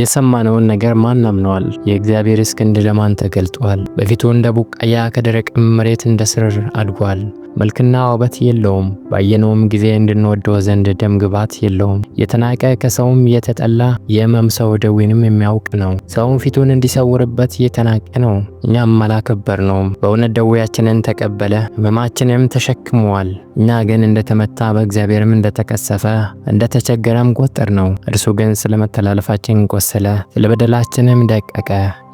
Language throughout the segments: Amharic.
የሰማነውን ነገር ማን አምነዋል? የእግዚአብሔርስ ክንድ ለማን ተገልጧል? በፊቱ እንደ ቡቃያ ከደረቅ መሬት እንደ ስር አድጓል። መልክና ውበት የለውም፣ ባየነውም ጊዜ እንድንወደው ዘንድ ደም ግባት የለውም። የተናቀ ከሰውም የተጠላ የሕመም ሰው ደዌንም የሚያውቅ ነው። ሰውም ፊቱን እንዲሰውርበት የተናቀ ነው። እኛም አላከበር ነውም። በእውነት ደዌያችንን ተቀበለ፣ ህመማችንም ተሸክመዋል። እኛ ግን እንደተመታ በእግዚአብሔርም እንደተቀሰፈ እንደተቸገረም ቆጠር ነው። እርሱ ግን ስለ መተላለፋችን ቆሰለ፣ ስለ በደላችንም ደቀቀ።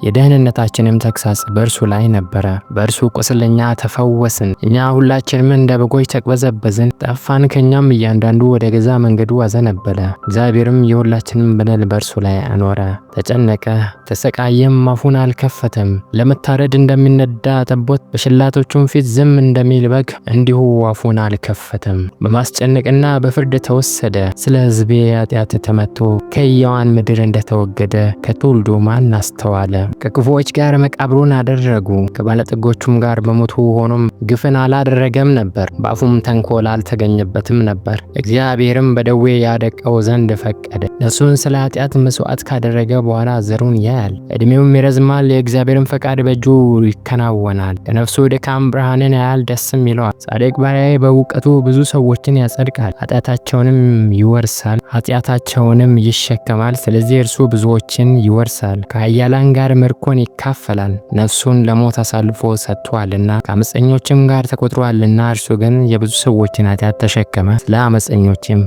የደህንነታችንም ተግሳጽ በእርሱ ላይ ነበረ። በእርሱ ቁስል እኛ ተፈወስን። እኛ ሁላችንም እንደ በጎች ተቅበዘበዝን፣ ጠፋን። ከእኛም እያንዳንዱ ወደ ገዛ መንገዱ አዘነበለ። እግዚአብሔርም የሁላችንም በደል በእርሱ ላይ አኖረ። ተጨነቀ፣ ተሰቃየም፣ አፉን አልከፈተም። ለመታረድ እንደሚነዳ ጠቦት በሽላቶቹም ፊት ዝም እንደሚል በግ እንዲሁ አፉን አልከፈተም። በማስጨነቅና በፍርድ ተወሰደ። ስለ ሕዝቤ ኃጢአት ተመቶ ከሕያዋን ምድር እንደተወገደ ከትውልዱ ማን አስተዋለ? ከክፉዎች ጋር መቃብሩን አደረጉ፣ ከባለጠጎቹም ጋር በሞቱ ሆኖም ግፍን አላደረገም ነበር፣ በአፉም ተንኮል አልተገኘበትም ነበር። እግዚአብሔርም በደዌ ያደቀው ዘንድ ፈቀደ። ነፍሱን ስለ ኃጢአት መስዋዕት ካደረገ በኋላ ዘሩን ያያል፣ ዕድሜውም ይረዝማል፣ የእግዚአብሔርን ፈቃድ በእጁ ይከናወናል። ከነፍሱ ድካም ብርሃንን ያያል፣ ደስም ይለዋል። ጻድቅ ባሪያዬ በእውቀቱ ብዙ ሰዎችን ያጸድቃል፣ ኃጢአታቸውንም ይወርሳል፣ ኃጢአታቸውንም ይሸከማል። ስለዚህ እርሱ ብዙዎችን ይወርሳል፣ ከኃያላን ጋር ምርኮን ይካፈላል። ነፍሱን ለሞት አሳልፎ ሰጥቷልና ከአመፀኞችም ጋር ተቆጥሯልና እርሱ ግን የብዙ ሰዎችን ኃጢአት ተሸከመ፣ ስለ አመፀኞችም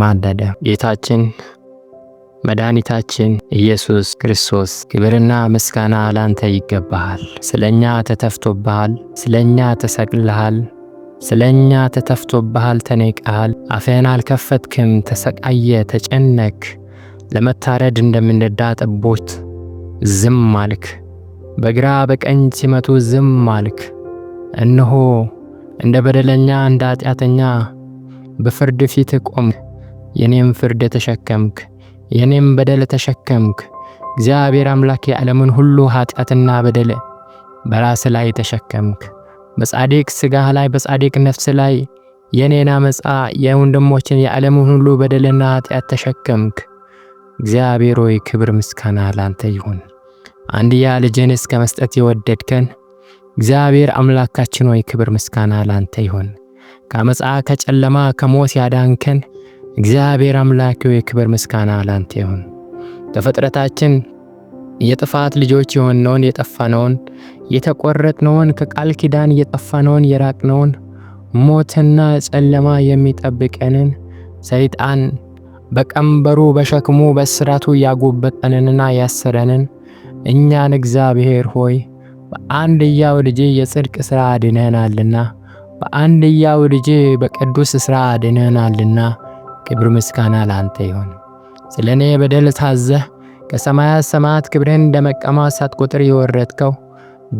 ማለደ። ጌታችን መድኃኒታችን ኢየሱስ ክርስቶስ ክብርና ምስጋና ላንተ ይገባሃል። ስለ እኛ ተተፍቶብሃል፣ ስለ እኛ ተሰቅልሃል፣ ስለ እኛ ተተፍቶብሃል፣ ተኔቀሃል፣ አፍህን አልከፈትክም፣ ተሰቃየ፣ ተጨነክ። ለመታረድ እንደምንዳ ጠቦት ዝም አልክ። በግራ በቀኝ ሲመቱ ዝም አልክ። እነሆ እንደ በደለኛ እንደ ኃጢአተኛ በፍርድ ፊት ቆምክ፣ የኔም ፍርድ ተሸከምክ። የኔም በደል ተሸከምክ። እግዚአብሔር አምላክ የዓለምን ሁሉ ኃጢአትና በደል በራስ ላይ ተሸከምክ። በጻድቅ ሥጋህ ላይ በጻድቅ ነፍስ ላይ የኔና መጻ የወንድሞችን የዓለምን ሁሉ በደልና ኃጢአት ተሸከምክ። እግዚአብሔር ሆይ ክብር ምስጋና ላንተ ይሁን። አንድያ ልጅን እስከ መስጠት የወደድከን እግዚአብሔር አምላካችን ሆይ ክብር ምስጋና ላንተ ይሁን። ከመጻ ከጨለማ ከሞት ያዳንከን እግዚአብሔር አምላክ ሆይ ክብር ምስጋና ላንተ ይሁን። በፍጥረታችን የጥፋት ልጆች የሆንነውን የጠፋነውን የተቆረጥነውን ከቃል ኪዳን የጠፋነውን የራቅነውን ሞትና ጨለማ የሚጠብቀንን ሰይጣን በቀንበሩ በሸክሙ በስራቱ ያጎበጠንንና ያሰረንን እኛን እግዚአብሔር ሆይ በአንድያው ልጅ የጽድቅ ስራ አድነናልና በአንድያው ልጅ በቅዱስ ስራ አድነናልና ክብር ምስጋና ለአንተ ይሁን። ስለ እኔ በደል ታዘህ ከሰማያት ሰማያት ክብሬን እንደ መቀማ ሳትቆጥር የወረድከው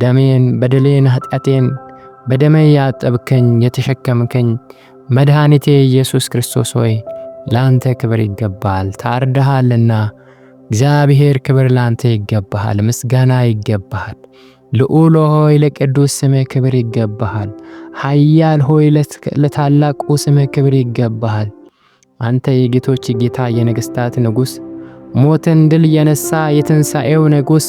ደሜን፣ በደሌን፣ ኃጢአቴን በደሜ ያጠብከኝ የተሸከምከኝ መድኃኒቴ ኢየሱስ ክርስቶስ ሆይ ለአንተ ክብር ይገባሃል። ታርደሃልና እግዚአብሔር ክብር ለአንተ ይገባሃል፣ ምስጋና ይገባሃል። ልዑሎ ሆይ ለቅዱስ ስምህ ክብር ይገባሃል። ኃያል ሆይ ለታላቁ ስምህ ክብር ይገባሃል። አንተ የጌቶች ጌታ የነገስታት ንጉስ፣ ሞትን ድል የነሳ የትንሣኤው ንጉስ፣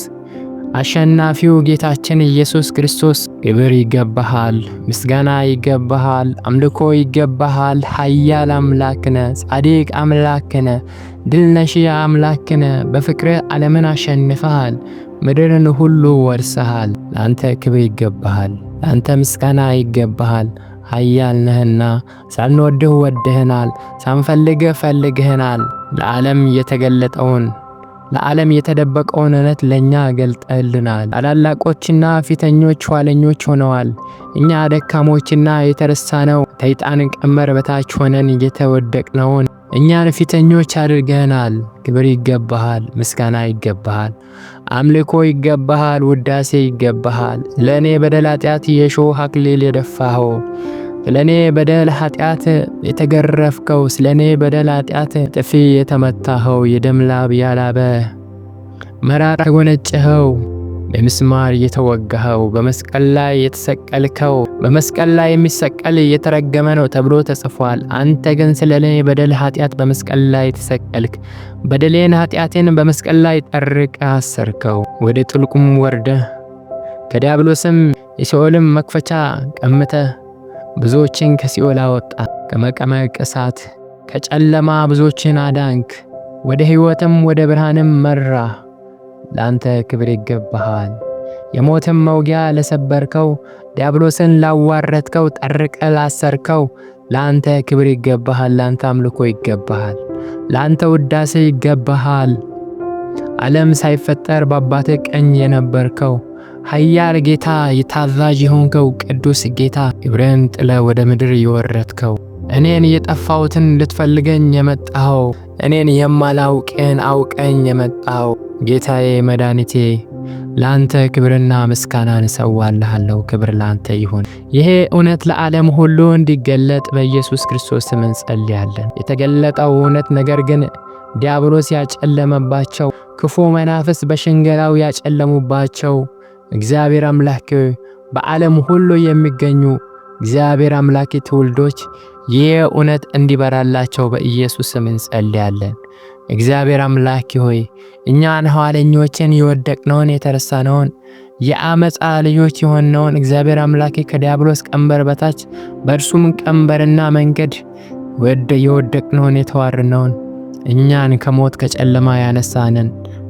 አሸናፊው ጌታችን ኢየሱስ ክርስቶስ ክብር ይገባሃል፣ ምስጋና ይገባሃል፣ አምልኮ ይገባሃል። ኃያል አምላክነ፣ ጻድቅ አምላክነ፣ ድል ነሺ አምላክነ፣ በፍቅር ዓለምን አሸንፈሃል፣ ምድርን ሁሉ ወርሰሃል። ለአንተ ክብር ይገባሃል፣ ለአንተ ምስጋና ይገባሃል። ኃያል ነህና ሳንወድህ ወድህናል፣ ሳንፈልግህ ፈልግህናል። ለዓለም የተገለጠውን ለዓለም የተደበቀውን እውነት ለእኛ ገልጠልናል። ታላላቆችና ፊተኞች ኋለኞች ሆነዋል። እኛ ደካሞችና የተረሳነው ተይጣን ቀመር በታች ሆነን እየተወደቅነውን እኛን ፊተኞች አድርገህናል። ክብር ይገባሃል፣ ምስጋና ይገባሃል። አምልኮ ይገባሃል፣ ውዳሴ ይገባሃል። ለእኔ በደል ኃጢአት የሾህ አክሊል የደፋኸው ስለኔ በደል ኃጢአት የተገረፍከው ስለ እኔ በደል ኃጢአት ጥፊ የተመታኸው የደም ላብ ያላበ መራራ የጎነጨኸው በምስማር የተወጋኸው፣ በመስቀል ላይ የተሰቀልከው፣ በመስቀል ላይ የሚሰቀል የተረገመ ነው ተብሎ ተጽፏል። አንተ ግን ስለ እኔ በደል ኃጢአት በመስቀል ላይ ተሰቀልክ በደሌን ኃጢአቴን በመስቀል ላይ ጠርቀ አሰርከው። ወደ ጥልቁም ወርደ ከዲያብሎስም የሲኦልም መክፈቻ ቀምተ ብዙዎችን ከሲኦል አወጣ። ከመቀመቅ እሳት ከጨለማ ብዙዎችን አዳንክ፣ ወደ ሕይወትም ወደ ብርሃንም መራ። ለአንተ ክብር ይገባሃል። የሞትን መውጊያ ለሰበርከው፣ ዲያብሎስን ላዋረድከው፣ ጠርቀ ላሰርከው ለአንተ ክብር ይገባሃል። ለአንተ አምልኮ ይገባሃል። ለአንተ ውዳሴ ይገባሃል። ዓለም ሳይፈጠር በአባተ ቀኝ የነበርከው ኃያል ጌታ የታዛዥ የሆንከው ቅዱስ ጌታ ግብርን ጥለ ወደ ምድር የወረድከው እኔን የጠፋሁትን ልትፈልገኝ የመጣኸው እኔን የማላውቅን አውቀኝ የመጣኸው ጌታዬ መድኃኒቴ ለአንተ ክብርና ምስጋናን እሰዋልሃለሁ። ክብር ለአንተ ይሁን። ይሄ እውነት ለዓለም ሁሉ እንዲገለጥ በኢየሱስ ክርስቶስ ስም እንጸልያለን። የተገለጠው እውነት ነገር ግን ዲያብሎስ ያጨለመባቸው ክፉ መናፍስ በሽንገላው ያጨለሙባቸው እግዚአብሔር አምላክ በዓለም ሁሉ የሚገኙ እግዚአብሔር አምላክ ትውልዶች ይህ እውነት እንዲበራላቸው በኢየሱስ ስም እንጸልያለን። እግዚአብሔር አምላኪ ሆይ እኛን ኋለኞችን የወደቅነውን የተረሳነውን የአመፃ ልጆች የሆነውን እግዚአብሔር አምላኬ ከዲያብሎስ ቀንበር በታች በእርሱም ቀንበርና መንገድ ወደ የወደቅነውን የተዋርነውን እኛን ከሞት ከጨለማ ያነሳንን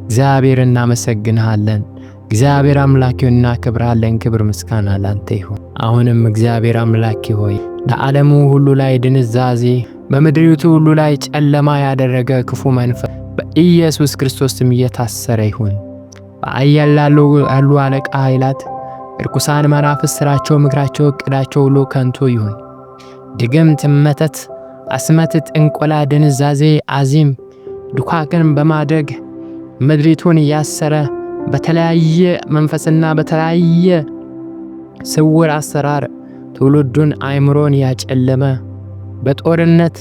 እግዚአብሔር እናመሰግንሃለን። እግዚአብሔር አምላክ ሆይ እናከብርሃለን። ክብር ምስጋና ላንተ ይሁን። አሁንም እግዚአብሔር አምላኪ ሆይ ለዓለሙ ሁሉ ላይ ድንዛዜ በምድሪቱ ሁሉ ላይ ጨለማ ያደረገ ክፉ መንፈስ በኢየሱስ ክርስቶስም እየታሰረ ይሁን። በአየር ላሉ አለቃ ኃይላት እርኩሳን መናፍስት ስራቸው፣ ምክራቸው፣ እቅዳቸው ሁሉ ከንቱ ይሁን። ድግምት፣ መተት፣ አስመት፣ ጥንቆላ፣ ድንዛዜ፣ አዚም፣ ዱካክን በማድረግ ምድሪቱን እያሰረ በተለያየ መንፈስና በተለያየ ስውር አሰራር ትውልዱን አእምሮን ያጨለመ በጦርነት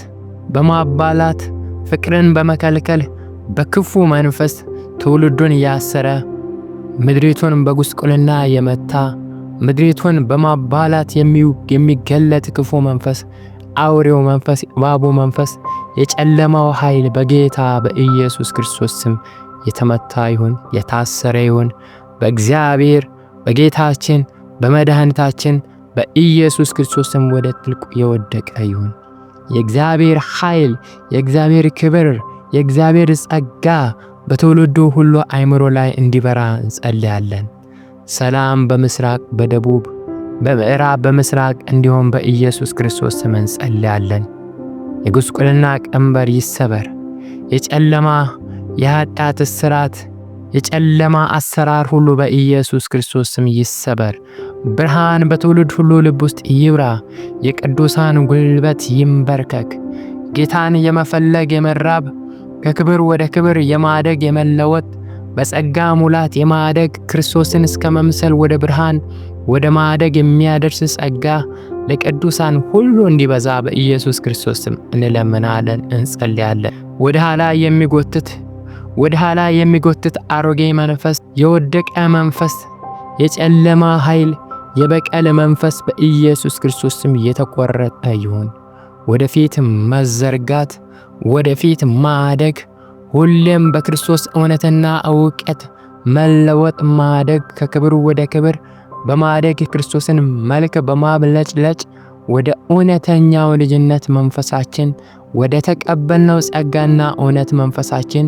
በማባላት ፍቅርን በመከልከል በክፉ መንፈስ ትውልዱን ያሰረ ምድሪቱን በጉስቁልና የመታ ምድሪቱን በማባላት የሚገለጥ ክፉ መንፈስ አውሬው መንፈስ እባቡ መንፈስ የጨለማው ኃይል በጌታ በኢየሱስ ክርስቶስ ስም የተመታ ይሁን፣ የታሰረ ይሁን። በእግዚአብሔር በጌታችን በመድኃኒታችን በኢየሱስ ክርስቶስ ስም ወደ ጥልቁ የወደቀ ይሁን። የእግዚአብሔር ኃይል፣ የእግዚአብሔር ክብር፣ የእግዚአብሔር ጸጋ በትውልዱ ሁሉ አይምሮ ላይ እንዲበራ እንጸልያለን። ሰላም በምስራቅ በደቡብ በምዕራብ በምስራቅ እንዲሁም በኢየሱስ ክርስቶስ ስም እንጸልያለን። የጉስቁልና ቀንበር ይሰበር። የጨለማ የኃጢአት እስራት፣ የጨለማ አሰራር ሁሉ በኢየሱስ ክርስቶስ ስም ይሰበር። ብርሃን በትውልድ ሁሉ ልብ ውስጥ ይብራ፣ የቅዱሳን ጉልበት ይንበርከክ። ጌታን የመፈለግ የመራብ ከክብር ወደ ክብር የማደግ የመለወጥ በጸጋ ሙላት የማደግ ክርስቶስን እስከ መምሰል ወደ ብርሃን ወደ ማደግ የሚያደርስ ጸጋ ለቅዱሳን ሁሉ እንዲበዛ በኢየሱስ ክርስቶስም እንለምናለን እንጸልያለን። ወደ ኋላ የሚጎትት ወደ ኋላ የሚጎትት አሮጌ መንፈስ፣ የወደቀ መንፈስ፣ የጨለማ ኃይል የበቀል መንፈስ በኢየሱስ ክርስቶስ ስም የተቆረጠ ይሁን። ወደፊት መዘርጋት፣ ወደፊት ማደግ፣ ሁሌም በክርስቶስ እውነትና እውቀት መለወጥ፣ ማደግ፣ ከክብር ወደ ክብር በማደግ ክርስቶስን መልክ በማብለጭለጭ ወደ እውነተኛው ልጅነት መንፈሳችን ወደ ተቀበልነው ጸጋና እውነት መንፈሳችን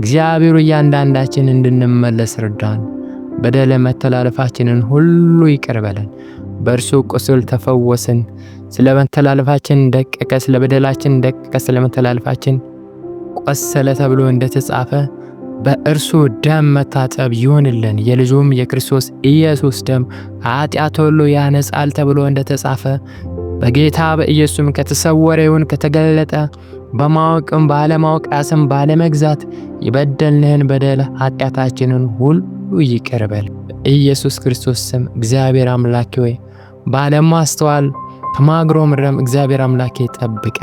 እግዚአብሔር እያንዳንዳችን እንድንመለስ ርዳን። በደለ መተላለፋችንን ሁሉ ይቅር በለን፣ በእርሱ ቁስል ተፈወስን። ስለ መተላለፋችን ደቀቀ፣ ስለ በደላችን ደቀቀ፣ ስለ መተላለፋችን ቆሰለ ተብሎ እንደተጻፈ በእርሱ ደም መታጠብ ይሆንልን። የልጁም የክርስቶስ ኢየሱስ ደም ኃጢአት ሁሉ ያነጻል ተብሎ እንደተጻፈ በጌታ በኢየሱስም ከተሰወረ ይሁን ከተገለጠ በማወቅም ባለማወቅ ራስም ባለመግዛት የበደልንህን በደል ኃጢአታችንን ሁሉ ሁሉ ይቅር በል። በኢየሱስ ክርስቶስ ስም እግዚአብሔር አምላኬ ወይ ባለማስተዋል ምረም እግዚአብሔር አምላኬ ጠብቀ።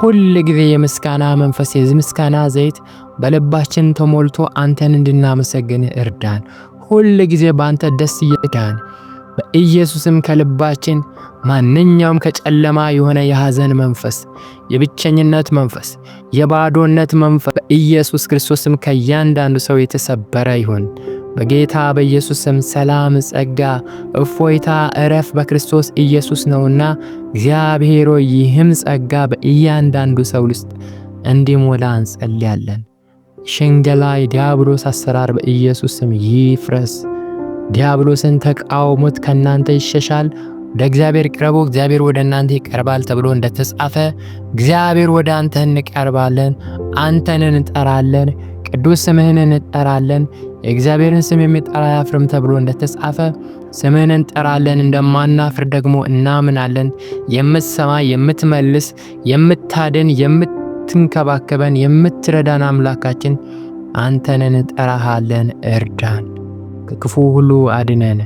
ሁል ጊዜ የምስጋና መንፈስ የምስጋና ዘይት በልባችን ተሞልቶ አንተን እንድናመሰግን እርዳን። ሁል ጊዜ በአንተ ደስ ይዳን። በኢየሱስም ከልባችን ማንኛውም ከጨለማ የሆነ የሐዘን መንፈስ፣ የብቸኝነት መንፈስ፣ የባዶነት መንፈስ በኢየሱስ ክርስቶስም ከእያንዳንዱ ሰው የተሰበረ ይሁን። በጌታ በኢየሱስ ስም ሰላም፣ ጸጋ፣ እፎይታ፣ እረፍ በክርስቶስ ኢየሱስ ነውና እግዚአብሔር ሆይ ይህም ጸጋ በእያንዳንዱ ሰው ውስጥ እንዲሞላ እንጸልያለን። ሽንገላ፣ የዲያብሎስ አሰራር በኢየሱስ ስም ይፍረስ። ዲያብሎስን ተቃውሞት ከእናንተ ይሸሻል። ወደ እግዚአብሔር ቅረቡ፣ እግዚአብሔር ወደ እናንተ ይቀርባል ተብሎ እንደተጻፈ እግዚአብሔር ወደ አንተ እንቀርባለን፣ አንተን እንጠራለን፣ ቅዱስ ስምህን እንጠራለን። የእግዚአብሔርን ስም የሚጠራ አያፍርም ተብሎ እንደተጻፈ ስምህን እንጠራለን እንደማናፍር ደግሞ እናምናለን። የምትሰማ የምትመልስ፣ የምታድን፣ የምትንከባከበን፣ የምትረዳን አምላካችን አንተንን እንጠራሃለን። እርዳን፣ ከክፉ ሁሉ አድነን።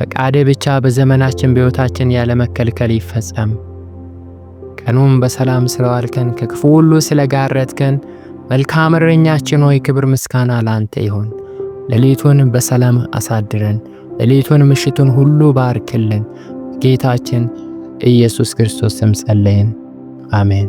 ፈቃድ ብቻ በዘመናችን በሕይወታችን ያለመከልከል ይፈጸም። ቀኑም በሰላም ስለዋልከን ከክፉ ሁሉ ስለጋረትከን መልካም እረኛችን ሆይ ክብር ምስጋና ላንተ ይሁን። ሌሊቱን በሰላም አሳድረን፣ ሌሊቱን ምሽቱን ሁሉ ባርክልን። ጌታችን ኢየሱስ ክርስቶስ ስም ጸለይን፣ አሜን።